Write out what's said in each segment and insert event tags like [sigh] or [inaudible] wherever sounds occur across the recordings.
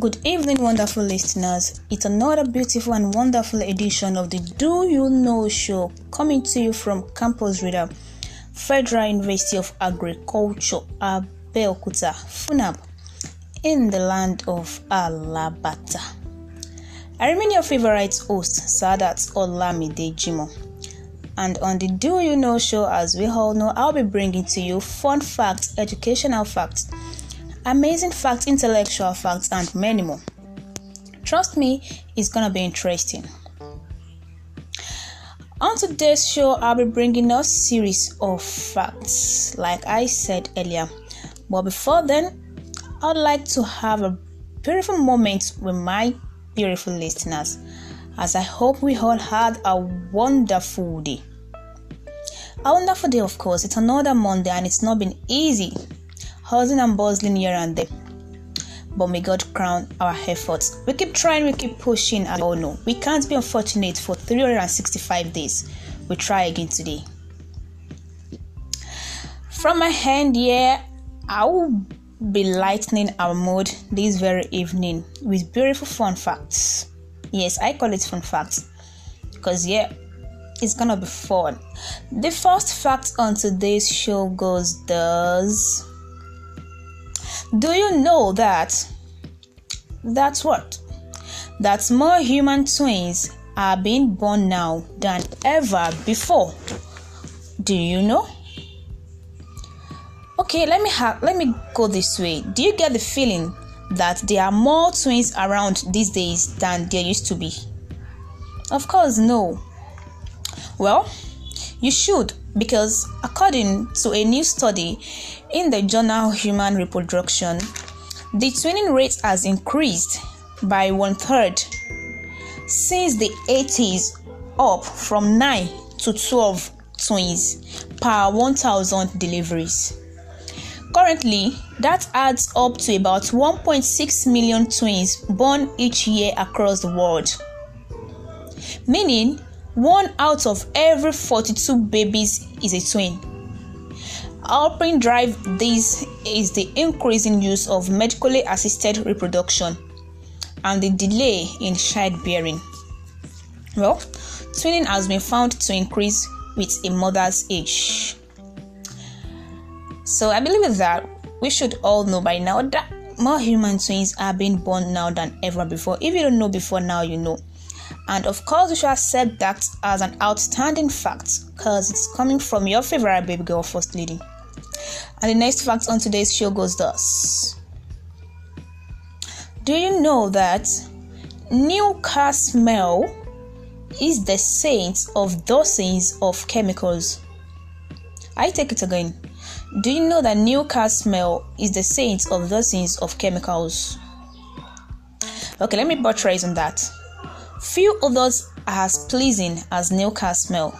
Good evening, wonderful listeners. It's another beautiful and wonderful edition of the Do You Know Show coming to you from Campus Reader, Federal University of Agriculture, Abeokuta, Funab, in the land of Alabata. I remain your favorite host, Sadat Olamide Jimo. And on the Do You Know Show, as we all know, I'll be bringing to you fun facts, educational facts amazing facts, intellectual facts, and many more. Trust me, it's gonna be interesting. On today's show, I'll be bringing us series of facts, like I said earlier. But before then, I'd like to have a beautiful moment with my beautiful listeners, as I hope we all had a wonderful day. A wonderful day, of course. It's another Monday, and it's not been easy hustling and bustling here and there. But may God crown our efforts. We keep trying, we keep pushing, and oh no, we can't be unfortunate for 365 days. We try again today. From my hand here, I will be lightening our mood this very evening with beautiful fun facts. Yes, I call it fun facts because yeah, it's gonna be fun. The first fact on today's show goes thus do you know that? That's what? That more human twins are being born now than ever before. Do you know? Okay, let me ha- let me go this way. Do you get the feeling that there are more twins around these days than there used to be? Of course, no. Well, you should because according to a new study in the journal Human Reproduction, the twinning rate has increased by one third since the 80s, up from 9 to 12 twins per 1,000 deliveries. Currently, that adds up to about 1.6 million twins born each year across the world. Meaning, one out of every 42 babies is a twin. Helping drive this is the increasing use of medically assisted reproduction and the delay in childbearing. Well, twinning has been found to increase with a mother's age. So I believe that we should all know by now that more human twins are being born now than ever before. If you don't know before now, you know. And of course, you should accept that as an outstanding fact because it's coming from your favorite baby girl, First Lady. And the next fact on today's show goes thus Do you know that new car smell is the scent of dozens of chemicals? I take it again. Do you know that new car smell is the scent of dozens of chemicals? Okay, let me buttress on that. Few others are as pleasing as new car smell.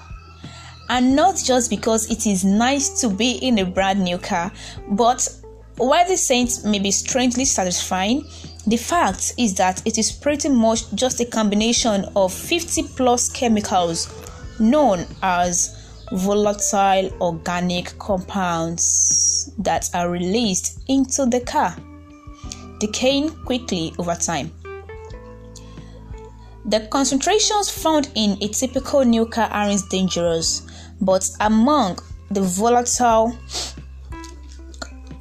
And not just because it is nice to be in a brand new car, but while the scent may be strangely satisfying, the fact is that it is pretty much just a combination of 50 plus chemicals known as volatile organic compounds that are released into the car, decaying quickly over time. The concentrations found in a typical nuka aren't dangerous, but among the volatile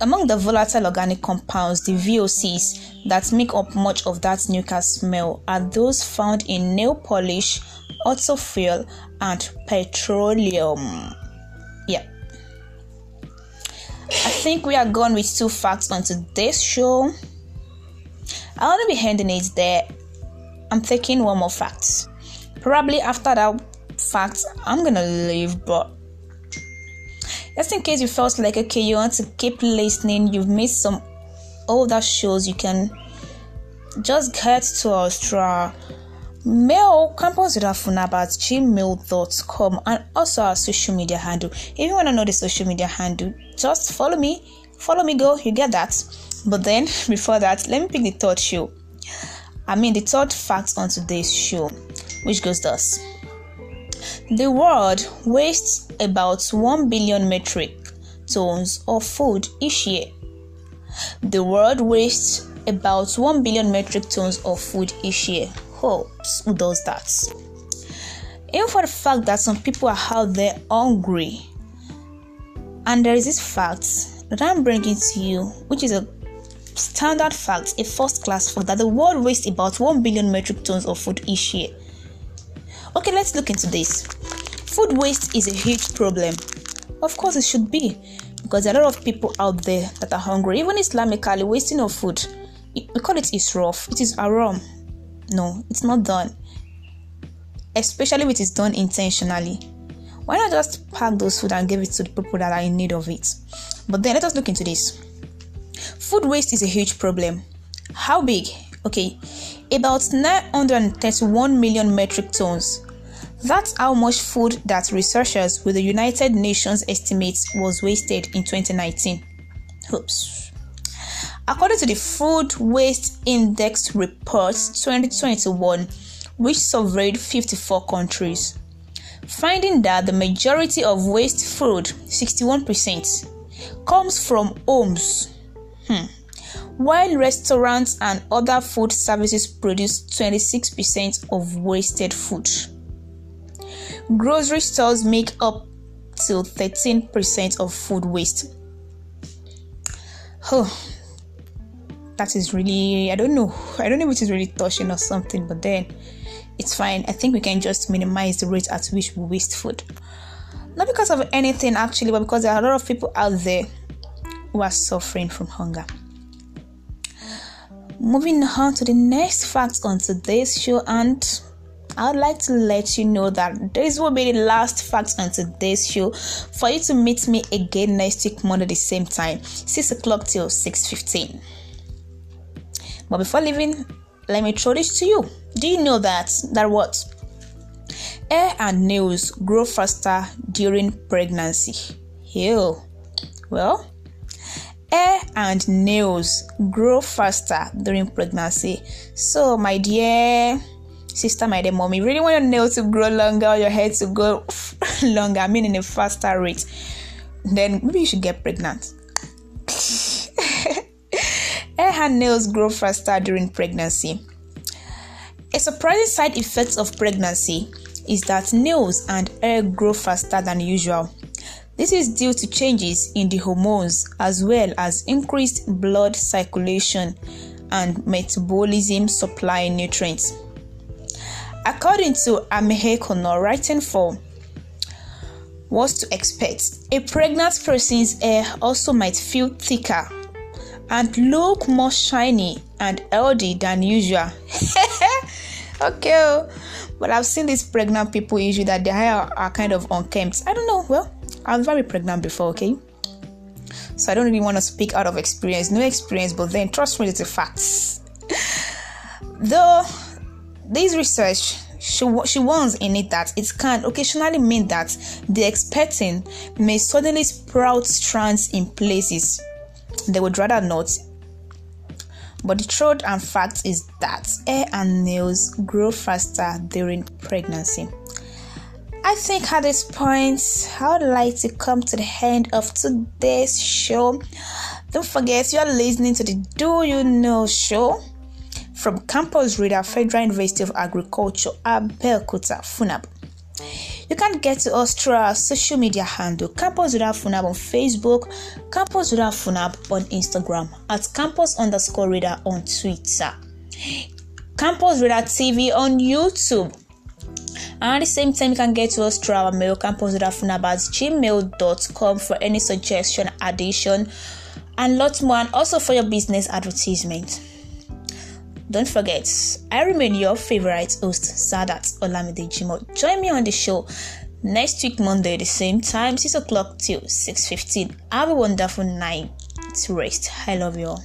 among the volatile organic compounds, the VOCs, that make up much of that nuka smell are those found in nail polish, auto fuel, and petroleum. Yeah. I think we are gone with two facts on today's show. i wanna be handing it there I'm taking one more fact. Probably after that fact, I'm gonna leave, but just in case you felt like okay, you want to keep listening, you've missed some older shows, you can just get to Australia mail campus at gmail.com and also our social media handle if you want to know the social media handle just follow me follow me go you get that but then [laughs] before that let me pick the third show I mean, the third fact on today's show, which goes thus The world wastes about 1 billion metric tons of food each year. The world wastes about 1 billion metric tons of food each year. Who does that? Even for the fact that some people are out there hungry, and there is this fact that I'm bringing to you, which is a standard fact a first class fact that the world wastes about 1 billion metric tons of food each year. Okay, let's look into this. Food waste is a huge problem. Of course, it should be, because there are a lot of people out there that are hungry, even Islamically, wasting of food. We call it israf, it is haram. No, it's not done, especially if it is done intentionally. Why not just pack those food and give it to the people that are in need of it? But then let us look into this Food waste is a huge problem. How big? Okay, about 931 million metric tons. That's how much food that researchers with the United Nations estimates was wasted in 2019. Oops. According to the Food Waste Index Report 2021, which surveyed 54 countries, finding that the majority of waste food, 61%, comes from homes. Hmm. While restaurants and other food services produce 26% of wasted food, grocery stores make up till 13% of food waste. Oh, that is really, I don't know. I don't know if it is really touching or something, but then it's fine. I think we can just minimize the rate at which we waste food. Not because of anything actually, but because there are a lot of people out there who are suffering from hunger. Moving on to the next fact on today's show, and I'd like to let you know that this will be the last fact on today's show for you to meet me again next week Monday the same time, 6 o'clock till 6.15. But before leaving, let me throw this to you. Do you know that that what? Hair and nails grow faster during pregnancy. Ew. Well, hair and nails grow faster during pregnancy. So, my dear sister, my dear mommy, really want your nails to grow longer, your hair to grow [laughs] longer, I mean, in a faster rate, then maybe you should get pregnant. hair [laughs] and nails grow faster during pregnancy. A surprising side effect of pregnancy is that nails and hair grow faster than usual. This is due to changes in the hormones as well as increased blood circulation and metabolism supplying nutrients. According to Amehe Connor, writing for What to Expect, a pregnant person's hair also might feel thicker and look more shiny and healthy than usual. [laughs] okay, oh. but I've seen these pregnant people usually that their hair are kind of unkempt. I don't know. Well, I was very pregnant before, okay? So I don't really want to speak out of experience, no experience, but then trust me, it's a fact. [laughs] Though this research she she warns in it that it can occasionally mean that the expecting may suddenly sprout strands in places they would rather not. But the truth and fact is that hair and nails grow faster during pregnancy. I think at this point, I would like to come to the end of today's show. Don't forget, you are listening to the Do You Know show from Campus Reader, Federal University of Agriculture, Abelkuta, Funab. You can get to us through our social media handle Campus Reader Funab on Facebook, Campus Reader Funab on Instagram, at Campus underscore Reader on Twitter, Campus Reader TV on YouTube and at the same time, you can get to us through our mail campusrafunabas@gmail.com for any suggestion, addition, and lots more, and also for your business advertisement. Don't forget, I remain your favorite host, Sadat Olamide Jimo. Join me on the show next week, Monday, the same time, 6 o'clock till 6.15. Have a wonderful night to rest. I love you all.